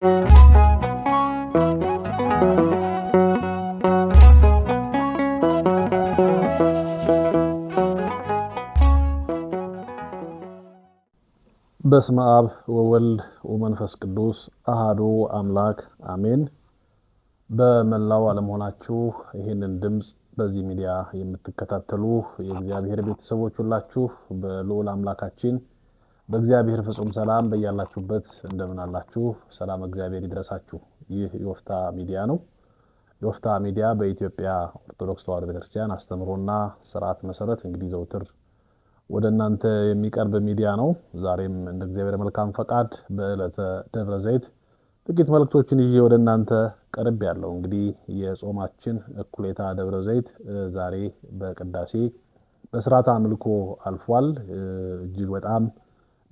በስመ አብ ወወልድ ወመንፈስ ቅዱስ አሃዱ አምላክ አሜን። በመላው ዓለም ሆናችሁ ይህንን ድምፅ በዚህ ሚዲያ የምትከታተሉ የእግዚአብሔር ቤተሰቦች ሁላችሁ በልዑል አምላካችን በእግዚአብሔር ፍጹም ሰላም በያላችሁበት እንደምን አላችሁ? ሰላም እግዚአብሔር ይድረሳችሁ። ይህ የወፍታ ሚዲያ ነው። የወፍታ ሚዲያ በኢትዮጵያ ኦርቶዶክስ ተዋሕዶ ቤተክርስቲያን አስተምህሮና ስርዓት መሰረት እንግዲህ ዘውትር ወደ እናንተ የሚቀርብ ሚዲያ ነው። ዛሬም እንደ እግዚአብሔር መልካም ፈቃድ በዕለተ ደብረ ዘይት ጥቂት መልእክቶችን ይዤ ወደ እናንተ ቀርብ ያለው እንግዲህ የጾማችን እኩሌታ ደብረ ዘይት ዛሬ በቅዳሴ በስርዓት አምልኮ አልፏል። እጅግ በጣም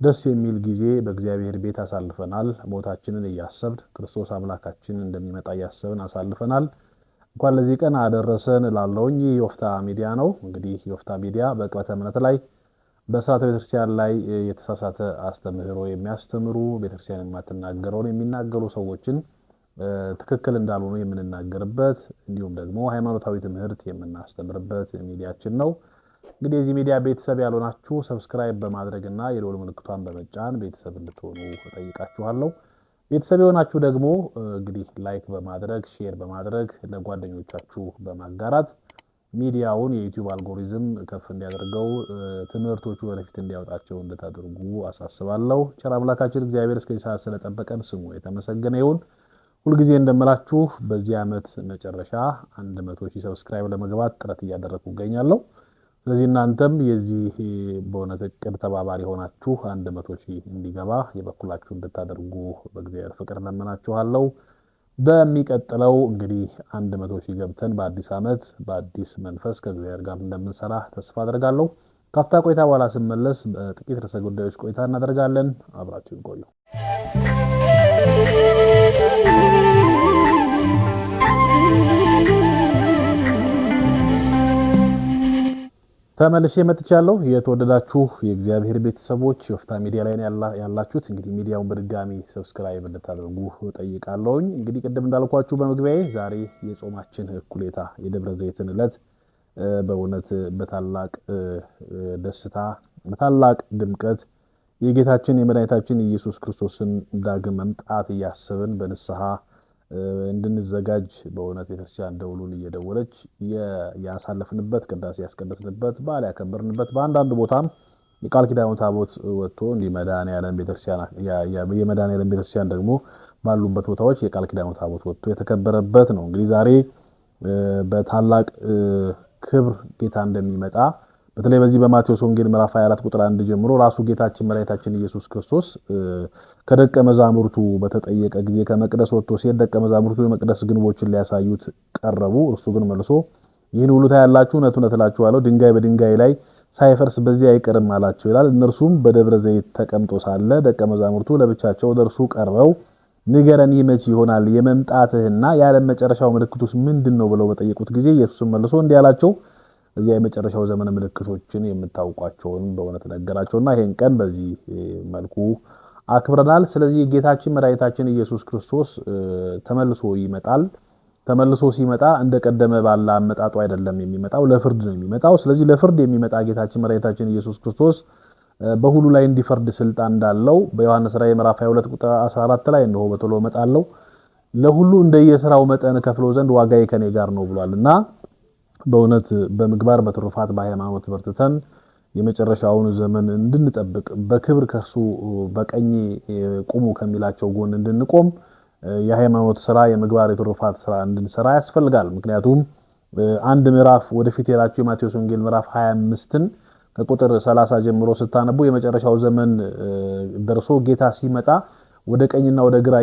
ደስ የሚል ጊዜ በእግዚአብሔር ቤት አሳልፈናል። ሞታችንን እያሰብን ክርስቶስ አምላካችን እንደሚመጣ እያሰብን አሳልፈናል። እንኳን ለዚህ ቀን አደረሰን እላለሁኝ። ይህ የወፍታ ሚዲያ ነው። እንግዲህ የወፍታ ሚዲያ በቅበተ እምነት ላይ በስርዓተ ቤተክርስቲያን ላይ የተሳሳተ አስተምህሮ የሚያስተምሩ ቤተክርስቲያን የማትናገረውን የሚናገሩ ሰዎችን ትክክል እንዳልሆኑ የምንናገርበት እንዲሁም ደግሞ ሃይማኖታዊ ትምህርት የምናስተምርበት ሚዲያችን ነው። እንግዲህ የዚህ ሚዲያ ቤተሰብ ያልሆናችሁ ሰብስክራይብ በማድረግና የደወል ምልክቷን በመጫን ቤተሰብ እንድትሆኑ እጠይቃችኋለሁ። ቤተሰብ የሆናችሁ ደግሞ እንግዲህ ላይክ በማድረግ ሼር በማድረግ ለጓደኞቻችሁ በማጋራት ሚዲያውን የዩቲዩብ አልጎሪዝም ከፍ እንዲያደርገው ትምህርቶቹ ወደፊት እንዲያወጣቸው እንድታደርጉ አሳስባለሁ። ቸር አምላካችን እግዚአብሔር እስከዚህ ሰዓት ስለጠበቀን ስሙ የተመሰገነ ይሁን። ሁልጊዜ እንደምላችሁ በዚህ ዓመት መጨረሻ አንድ መቶ ሺህ ሰብስክራይብ ለመግባት ጥረት እያደረግኩ እገኛለሁ። ስለዚህ እናንተም የዚህ በእውነት እቅድ ተባባሪ ሆናችሁ አንድ መቶ ሺህ እንዲገባ የበኩላችሁ እንድታደርጉ በእግዚአብሔር ፍቅር እለምናችኋለሁ። በሚቀጥለው እንግዲህ አንድ መቶ ሺህ ገብተን በአዲስ ዓመት በአዲስ መንፈስ ከእግዚአብሔር ጋር እንደምንሰራ ተስፋ አደርጋለሁ። ካፍታ ቆይታ በኋላ ስመለስ በጥቂት ርዕሰ ጉዳዮች ቆይታ እናደርጋለን። አብራችሁን ቆዩ። ተመልሼ መጥቻለሁ። የተወደዳችሁ የእግዚአብሔር ቤተሰቦች ወፍታ ሚዲያ ላይ ያላችሁት እንግዲህ ሚዲያውን በድጋሚ ሰብስክራይብ እንድታደርጉ ጠይቃለሁኝ። እንግዲህ ቅድም እንዳልኳችሁ በመግቢያዬ ዛሬ የጾማችን እኩሌታ የደብረ ዘይትን ዕለት በእውነት በታላቅ ደስታ በታላቅ ድምቀት የጌታችን የመድኃኒታችን ኢየሱስ ክርስቶስን ዳግም መምጣት እያስብን በንስሐ እንድንዘጋጅ በእውነት ቤተክርስቲያን ደውሉን እየደወለች ያሳለፍንበት ቅዳሴ ያስቀደስንበት በዓል ያከበርንበት በአንዳንድ ቦታም የቃል ኪዳኑ ታቦት ወጥቶ የመድኃኔዓለም ቤተክርስቲያን ደግሞ ባሉበት ቦታዎች የቃል ኪዳኑ ታቦት ወጥቶ የተከበረበት ነው። እንግዲህ ዛሬ በታላቅ ክብር ጌታ እንደሚመጣ በተለይ በዚህ በማቴዎስ ወንጌል ምዕራፍ 24 ቁጥር 1 ጀምሮ ራሱ ጌታችን መድኃኒታችን ኢየሱስ ክርስቶስ ከደቀ መዛሙርቱ በተጠየቀ ጊዜ ከመቅደስ ወጥቶ ሲሄድ ደቀ መዛሙርቱ የመቅደስ ግንቦችን ሊያሳዩት ቀረቡ። እርሱ ግን መልሶ ይህን ሁሉ ታያላችሁ፣ እውነት እውነት እላችኋለሁ ድንጋይ በድንጋይ ላይ ሳይፈርስ በዚህ አይቀርም አላቸው ይላል። እነርሱም በደብረ ዘይት ተቀምጦ ሳለ ደቀ መዛሙርቱ ለብቻቸው እርሱ ቀርበው ንገረን፣ ይህ መቼ ይሆናል? የመምጣትህና የዓለም መጨረሻው ምልክቱስ ምንድን ነው? ብለው በጠየቁት ጊዜ ኢየሱስም መልሶ እንዲህ አላቸው እዚያ የመጨረሻው ዘመን ምልክቶችን የምታውቋቸውን በእውነት ነገራቸውና ይህን ቀን በዚህ መልኩ አክብረናል። ስለዚህ ጌታችን መድኃኒታችን ኢየሱስ ክርስቶስ ተመልሶ ይመጣል። ተመልሶ ሲመጣ እንደቀደመ ባለ አመጣጡ አይደለም የሚመጣው፣ ለፍርድ ነው የሚመጣው። ስለዚህ ለፍርድ የሚመጣ ጌታችን መድኃኒታችን ኢየሱስ ክርስቶስ በሁሉ ላይ እንዲፈርድ ስልጣን እንዳለው በዮሐንስ ራእይ ምዕራፍ 22 ቁጥር 14 ላይ እንሆ በቶሎ እመጣለሁ ለሁሉ እንደየስራው መጠን ከፍሎ ዘንድ ዋጋዬ ከኔ ጋር ነው ብሏል እና በእውነት በምግባር በትሩፋት በሃይማኖት በርትተን የመጨረሻውን ዘመን እንድንጠብቅ በክብር ከእርሱ በቀኝ ቁሙ ከሚላቸው ጎን እንድንቆም የሃይማኖት ስራ የምግባር የትሩፋት ስራ እንድንሰራ ያስፈልጋል። ምክንያቱም አንድ ምዕራፍ ወደፊት የላቸው የማቴዎስ ወንጌል ምዕራፍ 25ን ከቁጥር 30 ጀምሮ ስታነቡ የመጨረሻው ዘመን ደርሶ ጌታ ሲመጣ ወደ ቀኝና ወደ ግራ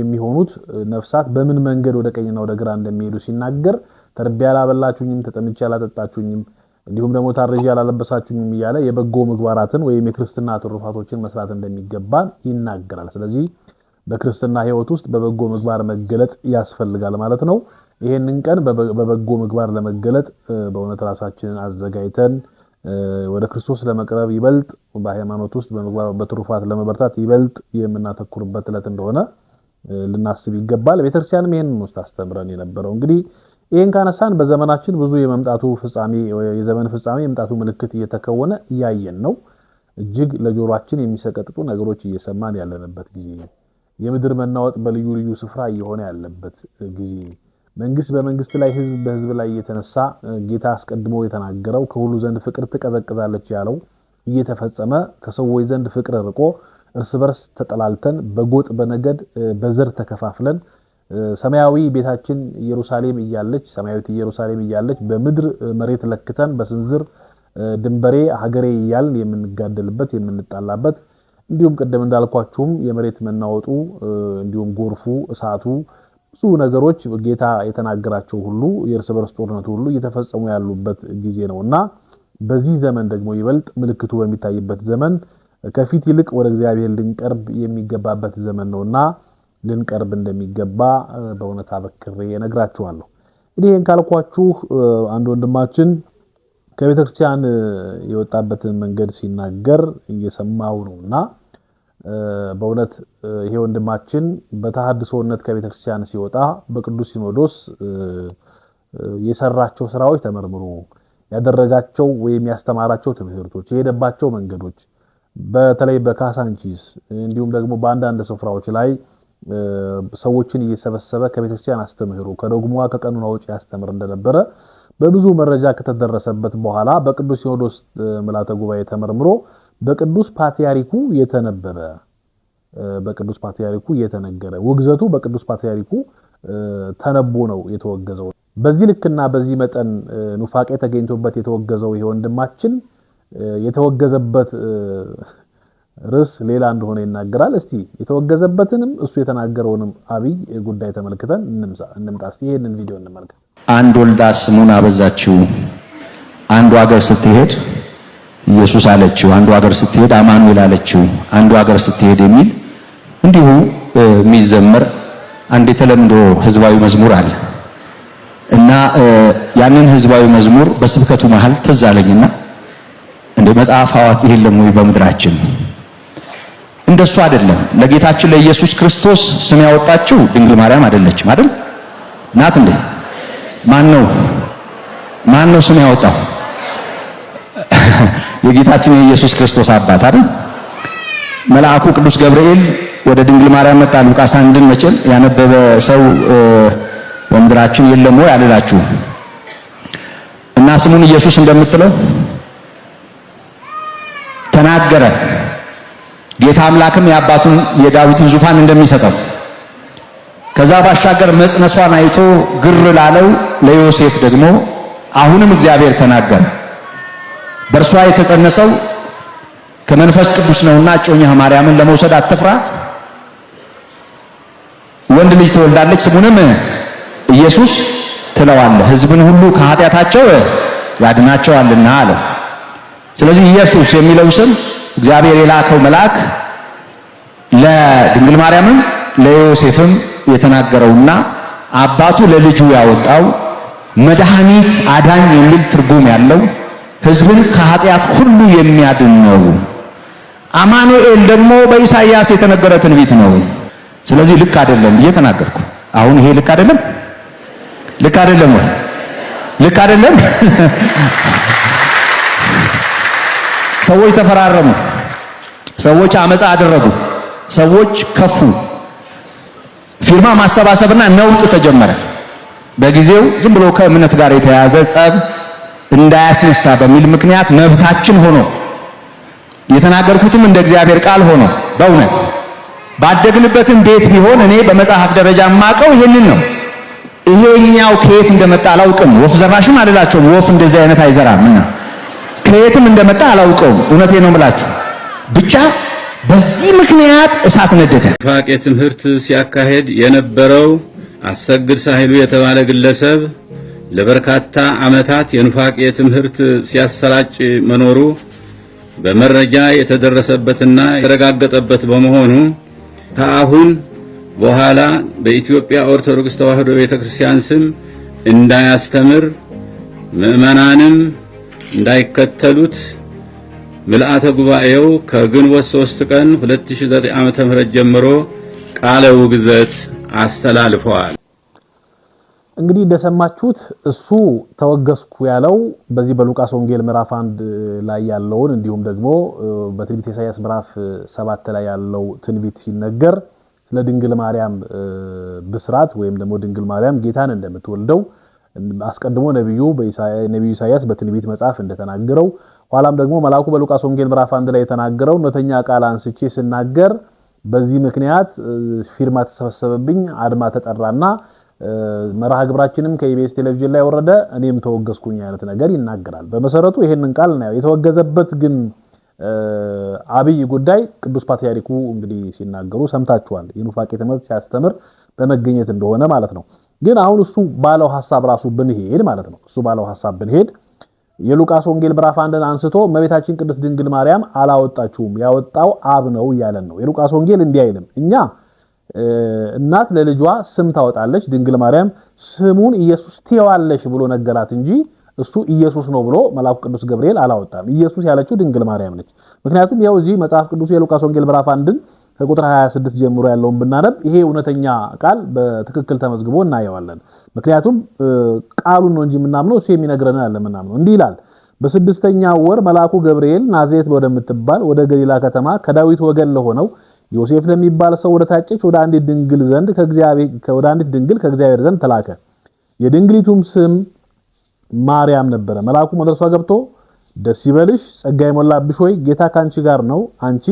የሚሆኑት ነፍሳት በምን መንገድ ወደ ቀኝና ወደ ግራ እንደሚሄዱ ሲናገር ተርቤ ያላበላችሁኝም፣ ተጠምቼ ያላጠጣችሁኝም፣ እንዲሁም ደግሞ ታርዤ ያላለበሳችሁኝም እያለ የበጎ ምግባራትን ወይም የክርስትና ትሩፋቶችን መስራት እንደሚገባን ይናገራል። ስለዚህ በክርስትና ሕይወት ውስጥ በበጎ ምግባር መገለጥ ያስፈልጋል ማለት ነው። ይህንን ቀን በበጎ ምግባር ለመገለጥ በእውነት ራሳችንን አዘጋጅተን ወደ ክርስቶስ ለመቅረብ ይበልጥ በሃይማኖት ውስጥ በምግባር በትሩፋት ለመበርታት ይበልጥ የምናተኩርበት ዕለት እንደሆነ ልናስብ ይገባል። ቤተክርስቲያንም ይህንን ውስጥ አስተምረን የነበረው እንግዲህ ይህን ካነሳን በዘመናችን ብዙ የመምጣቱ ፍጻሜ የዘመን ፍጻሜ የመምጣቱ ምልክት እየተከወነ እያየን ነው። እጅግ ለጆሮችን የሚሰቀጥጡ ነገሮች እየሰማን ያለንበት ጊዜ፣ የምድር መናወጥ በልዩ ልዩ ስፍራ እየሆነ ያለበት ጊዜ፣ መንግስት በመንግስት ላይ ህዝብ በህዝብ ላይ እየተነሳ ጌታ አስቀድሞ የተናገረው ከሁሉ ዘንድ ፍቅር ትቀዘቅዛለች ያለው እየተፈጸመ ከሰዎች ዘንድ ፍቅር ርቆ እርስ በርስ ተጠላልተን በጎጥ በነገድ በዘር ተከፋፍለን ሰማያዊ ቤታችን ኢየሩሳሌም እያለች ሰማያዊት ኢየሩሳሌም እያለች በምድር መሬት ለክተን በስንዝር ድንበሬ ሀገሬ እያልን የምንጋደልበት የምንጣላበት እንዲሁም ቅድም እንዳልኳችሁም የመሬት መናወጡ እንዲሁም ጎርፉ፣ እሳቱ ብዙ ነገሮች ጌታ የተናገራቸው ሁሉ የእርስ በርስ ጦርነቱ ሁሉ እየተፈጸሙ ያሉበት ጊዜ ነው እና በዚህ ዘመን ደግሞ ይበልጥ ምልክቱ በሚታይበት ዘመን ከፊት ይልቅ ወደ እግዚአብሔር ልንቀርብ የሚገባበት ዘመን ነውና ልንቀርብ እንደሚገባ በእውነት አበክሬ ነግራችኋለሁ። እንግዲህ ይህን ካልኳችሁ አንድ ወንድማችን ከቤተ ክርስቲያን የወጣበትን መንገድ ሲናገር እየሰማው ነው እና በእውነት ይሄ ወንድማችን በተሐድሶነት ከቤተ ክርስቲያን ሲወጣ በቅዱስ ሲኖዶስ የሰራቸው ስራዎች ተመርምሮ ያደረጋቸው ወይም ያስተማራቸው ትምህርቶች፣ የሄደባቸው መንገዶች በተለይ በካሳንቺስ እንዲሁም ደግሞ በአንዳንድ ስፍራዎች ላይ ሰዎችን እየሰበሰበ ከቤተክርስቲያን አስተምህሩ ከዶግማ ከቀኑን አውጪ ያስተምር እንደነበረ በብዙ መረጃ ከተደረሰበት በኋላ በቅዱስ ሲኖዶስ ምልዓተ ጉባኤ ተመርምሮ በቅዱስ ፓትርያርኩ የተነበበ በቅዱስ ፓትርያርኩ የተነገረ ውግዘቱ በቅዱስ ፓትርያርኩ ተነቦ ነው የተወገዘው። በዚህ ልክና በዚህ መጠን ኑፋቄ ተገኝቶበት የተወገዘው ይሄ ወንድማችን የተወገዘበት ርዕስ ሌላ እንደሆነ ይናገራል። እስቲ የተወገዘበትንም እሱ የተናገረውንም አብይ ጉዳይ ተመልክተን እንምጣ። እስቲ ይህንን ቪዲዮ እንመልከት። አንድ ወልዳ ስሙን አበዛችው። አንዱ ሀገር ስትሄድ ኢየሱስ አለችው፣ አንዱ ሀገር ስትሄድ አማኑኤል አለችው፣ አንዱ ሀገር ስትሄድ የሚል እንዲሁ የሚዘመር አንድ የተለምዶ ህዝባዊ መዝሙር አለ እና ያንን ህዝባዊ መዝሙር በስብከቱ መሀል ትዝ አለኝና እንደ መጽሐፍ አዋቂ የለም ወይ በምድራችን እንደሱ አይደለም። ለጌታችን ለኢየሱስ ክርስቶስ ስም ያወጣችው ድንግል ማርያም አይደለችም አይደል? ናት እንዴ? ማን ነው ማን ነው ስም ያወጣው? የጌታችን የኢየሱስ ክርስቶስ አባት አይደል? መልአኩ ቅዱስ ገብርኤል ወደ ድንግል ማርያም መጣ። ሉቃስ አንድን መቼም ያነበበ ሰው በምድራችን የለም ወይ እና ስሙን ኢየሱስ እንደምትለው ተናገረ ጌታ አምላክም የአባቱን የዳዊትን ዙፋን እንደሚሰጠው ከዛ ባሻገር መጽነሷን አይቶ ግር ላለው ለዮሴፍ ደግሞ አሁንም እግዚአብሔር ተናገረ። በእርሷ የተጸነሰው ከመንፈስ ቅዱስ ነውና እጮኛህ ማርያምን ለመውሰድ አትፍራ፣ ወንድ ልጅ ትወልዳለች፣ ስሙንም ኢየሱስ ትለዋለህ፣ ሕዝብን ሁሉ ከኃጢአታቸው ያድናቸዋልና አለው። ስለዚህ ኢየሱስ የሚለው ስም እግዚአብሔር የላከው መልአክ ለድንግል ማርያምም ለዮሴፍም የተናገረውና አባቱ ለልጁ ያወጣው መድኃኒት አዳኝ የሚል ትርጉም ያለው ሕዝብን ከኃጢአት ሁሉ የሚያድን ነው። አማኑኤል ደግሞ በኢሳይያስ የተነገረ ትንቢት ነው። ስለዚህ ልክ አይደለም እየተናገርኩ አሁን ይሄ ልክ አይደለም፣ ልክ አይደለም ወይ? ልክ አይደለም። ሰዎች ተፈራረሙ፣ ሰዎች አመፃ አደረጉ፣ ሰዎች ከፉ። ፊርማ ማሰባሰብና ነውጥ ተጀመረ። በጊዜው ዝም ብሎ ከእምነት ጋር የተያያዘ ጸብ እንዳያስነሳ በሚል ምክንያት መብታችን ሆኖ የተናገርኩትም እንደ እግዚአብሔር ቃል ሆኖ በእውነት ባደግንበትን ቤት ቢሆን እኔ በመጽሐፍ ደረጃ የማውቀው ይሄንን ነው። ይሄኛው ከየት እንደመጣ አላውቅም። ወፍ ዘራሽም አልላቸውም። ወፍ እንደዚህ አይነት አይዘራምና ከየትም እንደመጣ አላውቀውም። እውነቴ ነው ምላችሁ ብቻ በዚህ ምክንያት እሳት ነደደ። ፋቅ የትምህርት ሲያካሄድ የነበረው አሰግድ ሳህሉ የተባለ ግለሰብ ለበርካታ ዓመታት የኑፋቄ ትምህርት ሲያሰራጭ መኖሩ በመረጃ የተደረሰበትና የተረጋገጠበት በመሆኑ ከአሁን በኋላ በኢትዮጵያ ኦርቶዶክስ ተዋሕዶ ቤተክርስቲያን ስም እንዳያስተምር ምዕመናንም እንዳይከተሉት ምልአተ ጉባኤው ከግንቦት 3 ቀን 2009 ዓመተ ምህረት ጀምሮ ቃለ ውግዘት አስተላልፈዋል። እንግዲህ እንደሰማችሁት እሱ ተወገስኩ ያለው በዚህ በሉቃስ ወንጌል ምዕራፍ አንድ ላይ ያለውን እንዲሁም ደግሞ በትንቢት ኢሳያስ ምዕራፍ ሰባት ላይ ያለው ትንቢት ሲነገር ስለ ድንግል ማርያም ብስራት ወይም ደግሞ ድንግል ማርያም ጌታን እንደምትወልደው አስቀድሞ ነቢዩ ነቢዩ ኢሳያስ በትንቢት መጽሐፍ እንደተናገረው ኋላም ደግሞ መልአኩ በሉቃስ ወንጌል ምዕራፍ አንድ ላይ የተናገረው እውነተኛ ቃል አንስቼ ስናገር በዚህ ምክንያት ፊርማ ተሰበሰበብኝ፣ አድማ ተጠራና መርሃ ግብራችንም ከኢቢኤስ ቴሌቪዥን ላይ ወረደ፣ እኔም ተወገዝኩኝ አይነት ነገር ይናገራል። በመሰረቱ ይህንን ቃል ነው የተወገዘበት። ግን አብይ ጉዳይ ቅዱስ ፓትርያርኩ እንግዲህ ሲናገሩ ሰምታችኋል። የኑፋቄ ትምህርት ሲያስተምር በመገኘት እንደሆነ ማለት ነው። ግን አሁን እሱ ባለው ሐሳብ ራሱ ብንሄድ ማለት ነው እሱ ባለው ሐሳብ ብንሄድ የሉቃስ ወንጌል ምዕራፍ አንድን አንስቶ እመቤታችን ቅድስት ድንግል ማርያም አላወጣችሁም ያወጣው አብ ነው እያለን ነው። የሉቃስ ወንጌል እንዲህ አይልም። እኛ እናት ለልጇ ስም ታወጣለች፣ ድንግል ማርያም ስሙን ኢየሱስ ትየዋለሽ ብሎ ነገራት እንጂ እሱ ኢየሱስ ነው ብሎ መልአኩ ቅዱስ ገብርኤል አላወጣም። ኢየሱስ ያለችው ድንግል ማርያም ነች። ምክንያቱም ያው እዚህ መጽሐፍ ቅዱስ የሉቃስ ወንጌል ምዕራፍ አንድን ከቁጥር 26 ጀምሮ ያለውን ብናነብ ይሄ እውነተኛ ቃል በትክክል ተመዝግቦ እናየዋለን። ምክንያቱም ቃሉን ነው እንጂ የምናምነው እሱ የሚነግረንን አለ ምናምነው። እንዲህ ይላል፣ በስድስተኛ ወር መልአኩ ገብርኤል ናዝሬት ወደምትባል ወደ ገሊላ ከተማ ከዳዊት ወገን ለሆነው ዮሴፍ ለሚባል ሰው ወደ ታጨች ወደ አንዲት ድንግል ዘንድ ከእግዚአብሔር ዘንድ ተላከ። የድንግሊቱም ስም ማርያም ነበረ። መልአኩ ወደ እርሷ ገብቶ ደስ ይበልሽ፣ ጸጋ የሞላብሽ ሆይ ጌታ ከአንቺ ጋር ነው፣ አንቺ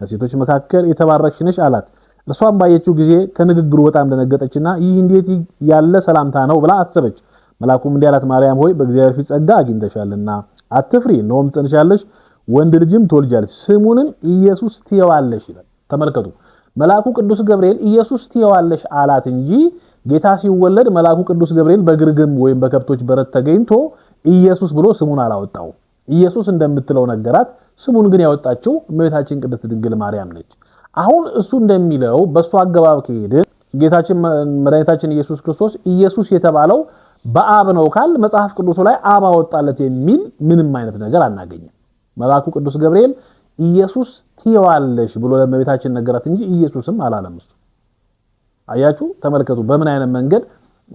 ከሴቶች መካከል የተባረክሽ ነሽ አላት። እርሷን ባየችው ጊዜ ከንግግሩ በጣም ደነገጠችና ይህ እንዴት ያለ ሰላምታ ነው ብላ አሰበች። መልአኩም እንዲህ አላት፣ ማርያም ሆይ በእግዚአብሔር ፊት ጸጋ አግኝተሻልና አትፍሪ፣ እነሆም ትጸንሻለሽ፣ ወንድ ልጅም ትወልጃለሽ፣ ስሙንም ኢየሱስ ትየዋለሽ ይላል። ተመልከቱ፣ መልአኩ ቅዱስ ገብርኤል ኢየሱስ ትየዋለሽ አላት እንጂ ጌታ ሲወለድ መልአኩ ቅዱስ ገብርኤል በግርግም ወይም በከብቶች በረት ተገኝቶ ኢየሱስ ብሎ ስሙን አላወጣው። ኢየሱስ እንደምትለው ነገራት ስሙን ግን ያወጣችው እመቤታችን ቅድስት ድንግል ማርያም ነች። አሁን እሱ እንደሚለው በእሱ አገባብ ከሄድን ጌታችን መድኃኒታችን ኢየሱስ ክርስቶስ ኢየሱስ የተባለው በአብ ነው ካል መጽሐፍ ቅዱሱ ላይ አብ አወጣለት የሚል ምንም አይነት ነገር አናገኝም። መልአኩ ቅዱስ ገብርኤል ኢየሱስ ትየዋለሽ ብሎ ለእመቤታችን ነገራት እንጂ ኢየሱስም አላለም። እሱ አያችሁ፣ ተመልከቱ በምን አይነት መንገድ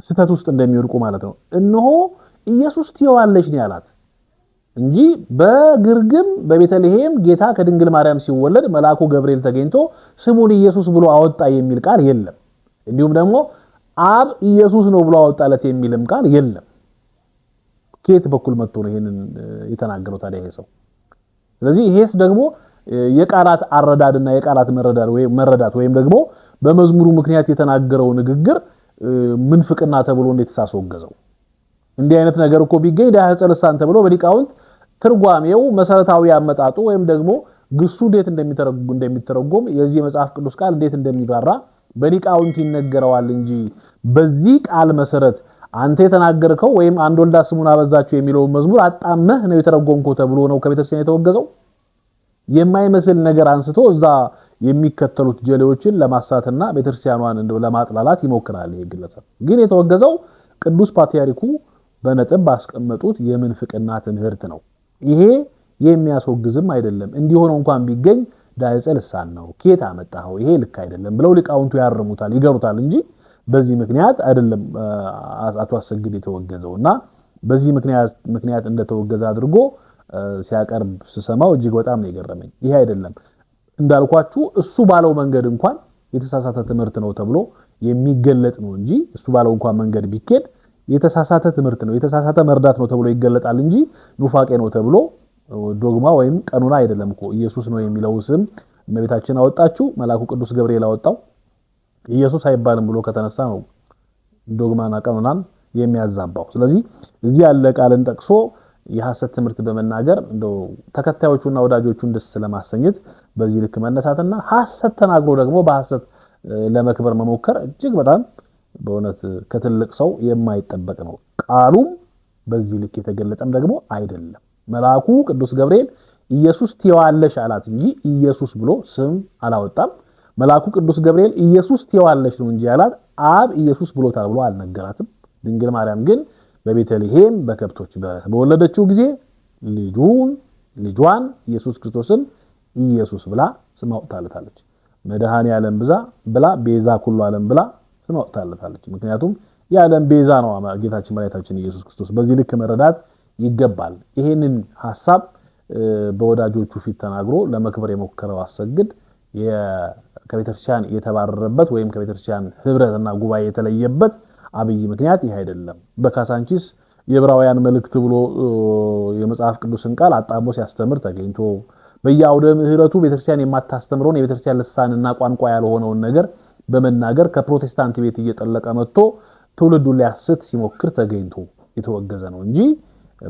ስህተት ውስጥ እንደሚወድቁ ማለት ነው። እነሆ ኢየሱስ ትየዋለሽ ነው ያላት እንጂ በግርግም በቤተልሔም ጌታ ከድንግል ማርያም ሲወለድ መልአኩ ገብርኤል ተገኝቶ ስሙን ኢየሱስ ብሎ አወጣ የሚል ቃል የለም። እንዲሁም ደግሞ አብ ኢየሱስ ነው ብሎ አወጣለት የሚልም ቃል የለም። ከየት በኩል መጥቶ ነው ይሄንን የተናገረው ታዲያ ይሄ ሰው? ስለዚህ ይሄስ ደግሞ የቃላት አረዳድና የቃላት መረዳት ወይም ደግሞ በመዝሙሩ ምክንያት የተናገረው ንግግር ምንፍቅና ተብሎ እንዴት ሳስወገዘው? እንዲህ አይነት ነገር እኮ ቢገኝ ዳህ ልሳን ተብሎ በሊቃውንት ትርጓሜው መሰረታዊ አመጣጡ ወይም ደግሞ ግሱ እንዴት እንደሚተረጎም የዚህ የመጽሐፍ ቅዱስ ቃል እንዴት እንደሚብራራ በሊቃውንት ይነገረዋል እንጂ በዚህ ቃል መሰረት አንተ የተናገርከው ወይም አንድ ወልዳ ስሙን አበዛችሁ የሚለውን መዝሙር አጣመህ ነው የተረጎምኮ ተብሎ ነው ከቤተክርስቲያን የተወገዘው። የማይመስል ነገር አንስቶ እዛ የሚከተሉት ጀሌዎችን ለማሳትና ቤተክርስቲያኗን እንደው ለማጥላላት ይሞክራል። ይሄ ግለሰብ ግን የተወገዘው ቅዱስ ፓትርያርኩ በነጥብ ባስቀመጡት የምንፍቅና ትምህርት ነው። ይሄ የሚያስወግዝም አይደለም። እንዲሆነው እንኳን ቢገኝ ዳይጸ ልሳን ነው፣ ኬት አመጣኸው? ይሄ ልክ አይደለም ብለው ሊቃውንቱ ያርሙታል፣ ይገሩታል እንጂ በዚህ ምክንያት አይደለም አቶ አሰግድ የተወገዘው እና በዚህ ምክንያት እንደተወገዘ አድርጎ ሲያቀርብ ስሰማው እጅግ በጣም ነው የገረመኝ። ይሄ አይደለም እንዳልኳችሁ እሱ ባለው መንገድ እንኳን የተሳሳተ ትምህርት ነው ተብሎ የሚገለጥ ነው እንጂ እሱ ባለው እንኳን መንገድ ቢኬድ የተሳሳተ ትምህርት ነው፣ የተሳሳተ መርዳት ነው ተብሎ ይገለጣል እንጂ ኑፋቄ ነው ተብሎ ዶግማ ወይም ቀኑና አይደለም እኮ። ኢየሱስ ነው የሚለው ስም እመቤታችን አወጣችው፣ መልአኩ ቅዱስ ገብርኤል አወጣው። ኢየሱስ አይባልም ብሎ ከተነሳ ነው ዶግማና ቀኑናን የሚያዛባው። ስለዚህ እዚህ ያለ ቃልን ጠቅሶ የሐሰት ትምህርት በመናገር እንደው ተከታዮቹና ወዳጆቹን ደስ ለማሰኘት በዚህ ልክ መነሳትና ሐሰት ተናግሮ ደግሞ በሐሰት ለመክበር መሞከር እጅግ በጣም በእውነት ከትልቅ ሰው የማይጠበቅ ነው። ቃሉም በዚህ ልክ የተገለጠም ደግሞ አይደለም። መልአኩ ቅዱስ ገብርኤል ኢየሱስ ትየዋለሽ አላት እንጂ ኢየሱስ ብሎ ስም አላወጣም። መልአኩ ቅዱስ ገብርኤል ኢየሱስ ትየዋለሽ ነው እንጂ አላት። አብ ኢየሱስ ብሎታል ብሎ አልነገራትም። ድንግል ማርያም ግን በቤተልሔም በከብቶች በወለደችው ጊዜ ልጁን ልጇን ኢየሱስ ክርስቶስን ኢየሱስ ብላ ስም አውጥታለታለች። መድኃኔ ዓለም ብዛ ብላ ቤዛ ኩሉ ዓለም ብላ ስም አውጥታለታለች። ምክንያቱም የዓለም ቤዛ ነው ጌታችን መድኃኒታችን ኢየሱስ ክርስቶስ። በዚህ ልክ መረዳት ይገባል። ይህንን ሀሳብ በወዳጆቹ ፊት ተናግሮ ለመክበር የሞከረው አሰግድ ከቤተክርስቲያን የተባረረበት ወይም ከቤተክርስቲያን ህብረትና ጉባኤ የተለየበት አብይ ምክንያት ይህ አይደለም። በካሳንቺስ የዕብራውያን መልእክት ብሎ የመጽሐፍ ቅዱስን ቃል አጣሞ ሲያስተምር ተገኝቶ በየአውደ ምሕረቱ ቤተክርስቲያን የማታስተምረውን የቤተክርስቲያን ልሳንና ቋንቋ ያልሆነውን ነገር በመናገር ከፕሮቴስታንት ቤት እየጠለቀ መጥቶ ትውልዱን ሊያስት ሲሞክር ተገኝቶ የተወገዘ ነው እንጂ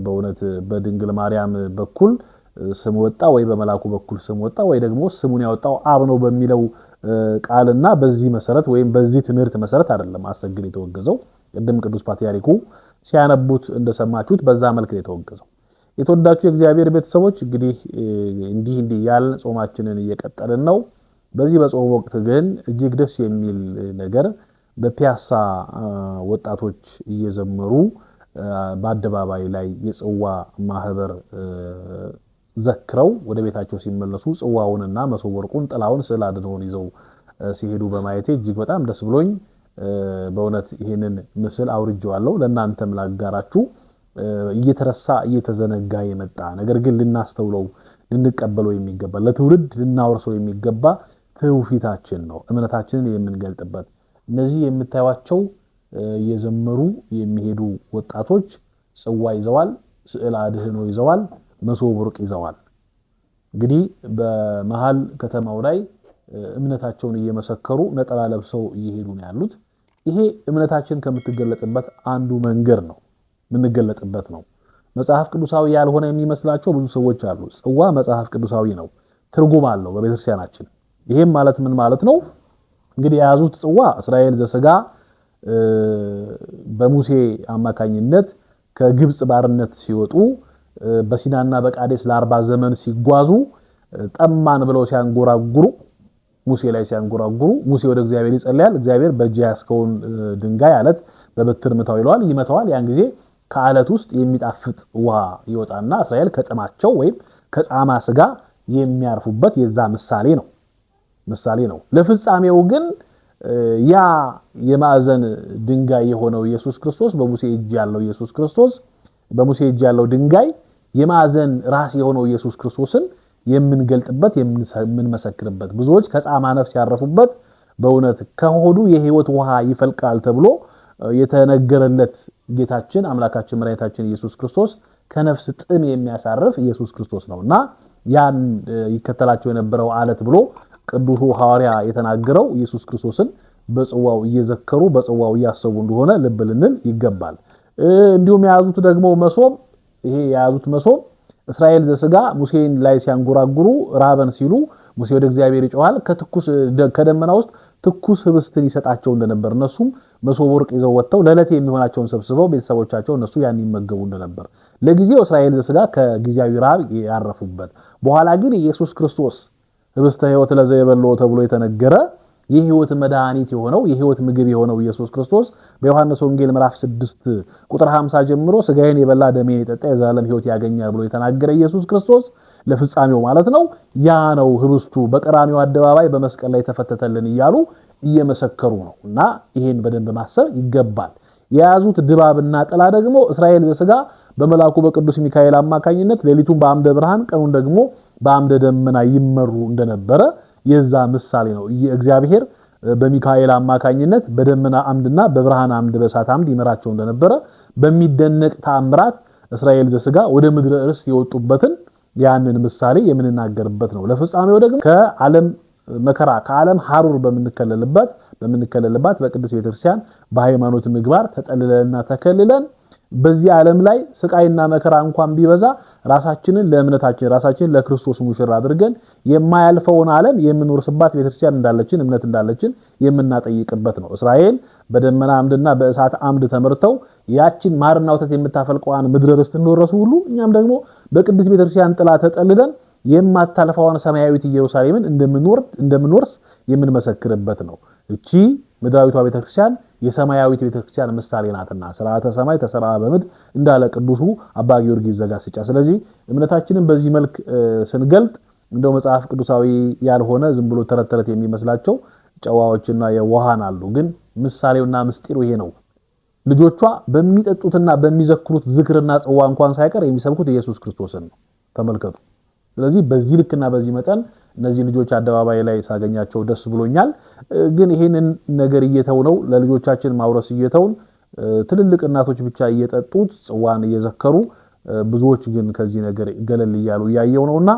በእውነት በድንግል ማርያም በኩል ስም ወጣ ወይ በመላኩ በኩል ስም ወጣ ወይ ደግሞ ስሙን ያወጣው አብ ነው በሚለው ቃልና በዚህ መሰረት ወይም በዚህ ትምህርት መሰረት አይደለም አሰግድ የተወገዘው። ቅድም ቅዱስ ፓትርያርኩ ሲያነቡት እንደሰማችሁት በዛ መልክ የተወገዘው። የተወዳችሁ የእግዚአብሔር ቤተሰቦች እንግዲህ እንዲህ እንዲህ ያልን ጾማችንን እየቀጠልን ነው። በዚህ በጾም ወቅት ግን እጅግ ደስ የሚል ነገር በፒያሳ ወጣቶች እየዘመሩ በአደባባይ ላይ የጽዋ ማህበር ዘክረው ወደ ቤታቸው ሲመለሱ ጽዋውንና መሶበ ወርቁን፣ ጥላውን፣ ስዕል አድነውን ይዘው ሲሄዱ በማየቴ እጅግ በጣም ደስ ብሎኝ በእውነት ይህንን ምስል አውርጄዋለሁ። ለእናንተም ላጋራችሁ። እየተረሳ እየተዘነጋ የመጣ ነገር ግን ልናስተውለው ልንቀበለው የሚገባ ለትውልድ ልናወርሰው የሚገባ ትውፊታችን ነው፣ እምነታችንን የምንገልጥበት። እነዚህ የምታዩቸው እየዘመሩ የሚሄዱ ወጣቶች ጽዋ ይዘዋል፣ ስዕል አድህኖ ይዘዋል፣ መሶብ ወርቅ ይዘዋል። እንግዲህ በመሀል ከተማው ላይ እምነታቸውን እየመሰከሩ ነጠላ ለብሰው እየሄዱ ነው ያሉት። ይሄ እምነታችን ከምትገለጽበት አንዱ መንገድ ነው፣ የምንገለጽበት ነው። መጽሐፍ ቅዱሳዊ ያልሆነ የሚመስላቸው ብዙ ሰዎች አሉ። ጽዋ መጽሐፍ ቅዱሳዊ ነው፣ ትርጉም አለው በቤተክርስቲያናችን ይሄም ማለት ምን ማለት ነው? እንግዲህ የያዙት ጽዋ እስራኤል ዘሥጋ በሙሴ አማካኝነት ከግብፅ ባርነት ሲወጡ በሲናና በቃዴስ ለአርባ ዘመን ሲጓዙ ጠማን ብለው ሲያንጎራጉሩ ሙሴ ላይ ሲያንጎራጉሩ ሙሴ ወደ እግዚአብሔር ይጸልያል። እግዚአብሔር በእጅ ያስከውን ድንጋይ አለት በበትር ምታው ይለዋል፣ ይመተዋል። ያን ጊዜ ከአለት ውስጥ የሚጣፍጥ ውሃ ይወጣና እስራኤል ከጥማቸው ወይም ከጻማ ስጋ የሚያርፉበት የዛ ምሳሌ ነው። ምሳሌ ነው። ለፍጻሜው ግን ያ የማዕዘን ድንጋይ የሆነው ኢየሱስ ክርስቶስ በሙሴ እጅ ያለው ኢየሱስ ክርስቶስ በሙሴ እጅ ያለው ድንጋይ የማዕዘን ራስ የሆነው ኢየሱስ ክርስቶስን የምንገልጥበት የምንመሰክርበት ብዙዎች ከጻማ ነፍስ ያረፉበት በእውነት ከሆዱ የሕይወት ውሃ ይፈልቃል ተብሎ የተነገረለት ጌታችን አምላካችን መድኃኒታችን ኢየሱስ ክርስቶስ ከነፍስ ጥም የሚያሳርፍ ኢየሱስ ክርስቶስ እና ያን ይከተላቸው የነበረው አለት ብሎ ቅዱሱ ሐዋርያ የተናገረው ኢየሱስ ክርስቶስን በጽዋው እየዘከሩ በጽዋው እያሰቡ እንደሆነ ልብ ልንል ይገባል። እንዲሁም የያዙት ደግሞ መሶብ ይሄ የያዙት መሶብ እስራኤል ዘስጋ ሙሴን ላይ ሲያንጎራጉሩ ራበን ሲሉ ሙሴ ወደ እግዚአብሔር ይጮሃል። ከትኩስ ከደመና ውስጥ ትኩስ ህብስትን ይሰጣቸው እንደነበር እነሱም መሶብ ወርቅ ይዘው ወጥተው ለዕለት የሚሆናቸውን ሰብስበው ቤተሰቦቻቸው እነሱ ያን ይመገቡ እንደነበር ለጊዜው እስራኤል ዘስጋ ከጊዜያዊ ረሃብ ያረፉበት በኋላ ግን ኢየሱስ ክርስቶስ ህብስተ ለዘ ለዘየበልዖ ተብሎ የተነገረ የህይወት መድኃኒት የሆነው የህይወት ምግብ የሆነው ኢየሱስ ክርስቶስ በዮሐንስ ወንጌል ምዕራፍ 6 ቁጥር 50 ጀምሮ ስጋዬን የበላ ደሜን የጠጣ የዘላለም ህይወት ያገኛል ብሎ የተናገረ ኢየሱስ ክርስቶስ ለፍጻሜው ማለት ነው። ያ ነው ህብስቱ በቀራኒው አደባባይ በመስቀል ላይ ተፈተተልን እያሉ እየመሰከሩ ነው። እና ይሄን በደንብ ማሰብ ይገባል። የያዙት ድባብና ጥላ ደግሞ እስራኤል ዘሥጋ በመልአኩ በቅዱስ ሚካኤል አማካኝነት ሌሊቱን በአምደ ብርሃን ቀኑን ደግሞ በአምደ ደመና ይመሩ እንደነበረ የዛ ምሳሌ ነው። እግዚአብሔር በሚካኤል አማካኝነት በደመና አምድና በብርሃን አምድ በእሳት አምድ ይመራቸው እንደነበረ በሚደነቅ ተአምራት እስራኤል ዘስጋ ወደ ምድረ እርስ የወጡበትን ያንን ምሳሌ የምንናገርበት ነው። ለፍጻሜው ደግሞ ከዓለም መከራ ከዓለም ሐሩር በምንከለልበት በምንከለልባት በቅዱስ ቤተክርስቲያን በሃይማኖት ምግባር ተጠልለንና ተከልለን በዚህ ዓለም ላይ ስቃይና መከራ እንኳን ቢበዛ ራሳችንን ለእምነታችን ራሳችንን ለክርስቶስ ሙሽራ አድርገን የማያልፈውን ዓለም የምንወርስባት ቤተክርስቲያን እንዳለችን እምነት እንዳለችን የምናጠይቅበት ነው። እስራኤል በደመና አምድና በእሳት አምድ ተመርተው ያችን ማርና ወተት የምታፈልቀዋን ምድረ ርስት እንደወረሱ ሁሉ እኛም ደግሞ በቅድስት ቤተክርስቲያን ጥላ ተጠልለን የማታልፈዋን ሰማያዊት ኢየሩሳሌምን እንደምንወርስ የምንመሰክርበት ነው። እቺ ምድራዊቷ ቤተክርስቲያን የሰማያዊት ቤተክርስቲያን ምሳሌ ናትና ስርዓተ ሰማይ ተሰራ በምድር እንዳለ ቅዱሱ አባ ጊዮርጊስ ዘጋስጫ። ስለዚህ እምነታችንን በዚህ መልክ ስንገልጥ እንደው መጽሐፍ ቅዱሳዊ ያልሆነ ዝም ብሎ ተረት ተረት የሚመስላቸው ጨዋዎችና የዋሃን አሉ። ግን ምሳሌውና ምስጢሩ ይሄ ነው። ልጆቿ በሚጠጡትና በሚዘክሩት ዝክርና ጽዋ እንኳን ሳይቀር የሚሰብኩት ኢየሱስ ክርስቶስን ነው። ተመልከቱ። ስለዚህ በዚህ ልክና በዚህ መጠን እነዚህ ልጆች አደባባይ ላይ ሳገኛቸው ደስ ብሎኛል። ግን ይህንን ነገር ነው ለልጆቻችን ማውረስ እየተውን ትልልቅ እናቶች ብቻ እየጠጡት ጽዋን እየዘከሩ ብዙዎች ግን ከዚህ ነገር ገለል እያሉ እያየው ነውና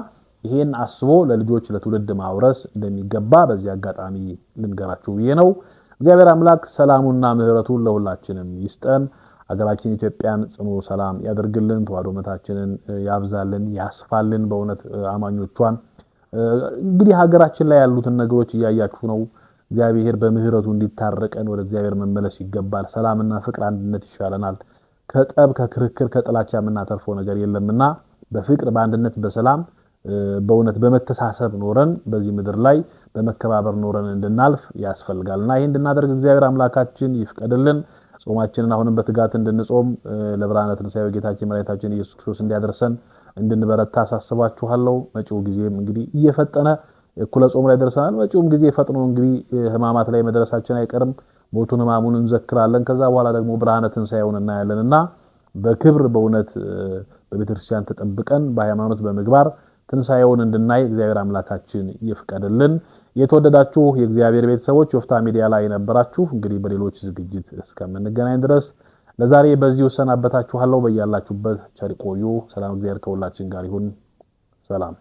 ይሄን አስቦ ለልጆች ለትውልድ ማውረስ እንደሚገባ በዚህ አጋጣሚ ልንገራችሁ ብዬ ነው። እግዚአብሔር አምላክ ሰላሙና ምሕረቱን ለሁላችንም ይስጠን። አገራችን ኢትዮጵያን ጽኑ ሰላም ያደርግልን። ተዋዶመታችንን ያብዛልን፣ ያስፋልን። በእውነት አማኞቿን እንግዲህ ሀገራችን ላይ ያሉትን ነገሮች እያያችሁ ነው። እግዚአብሔር በምህረቱ እንዲታረቀን ወደ እግዚአብሔር መመለስ ይገባል። ሰላምና ፍቅር፣ አንድነት ይሻለናል። ከጠብ ከክርክር፣ ከጥላቻ የምናተርፈው ነገር የለምና በፍቅር በአንድነት በሰላም በእውነት በመተሳሰብ ኖረን በዚህ ምድር ላይ በመከባበር ኖረን እንድናልፍ ያስፈልጋልና ይህ እንድናደርግ እግዚአብሔር አምላካችን ይፍቀድልን። ጾማችንን አሁንም በትጋት እንድንጾም ለብርሃነ ትንሣኤው ጌታችን መድኃኒታችን ኢየሱስ ክርስቶስ እንዲያደርሰን እንድንበረታ አሳስባችኋለሁ። መጪው ጊዜም እንግዲህ እየፈጠነ እኩለ ጾም ላይ ደርሰናል። መጪውም ጊዜ ፈጥኖ እንግዲህ ህማማት ላይ መድረሳችን አይቀርም። ሞቱን ህማሙን እንዘክራለን። ከዛ በኋላ ደግሞ ብርሃነ ትንሣኤውን እናያለን እና በክብር በእውነት በቤተክርስቲያን ተጠብቀን በሃይማኖት በምግባር ትንሣኤውን እንድናይ እግዚአብሔር አምላካችን ይፍቀድልን። የተወደዳችሁ የእግዚአብሔር ቤተሰቦች ወፍታ ሚዲያ ላይ የነበራችሁ እንግዲህ በሌሎች ዝግጅት እስከምንገናኝ ድረስ ለዛሬ በዚሁ ሰናበታችኋለሁ። በያላችሁበት ቸር ቆዩ። ሰላም፣ እግዚአብሔር ከሁላችን ጋር ይሁን። ሰላም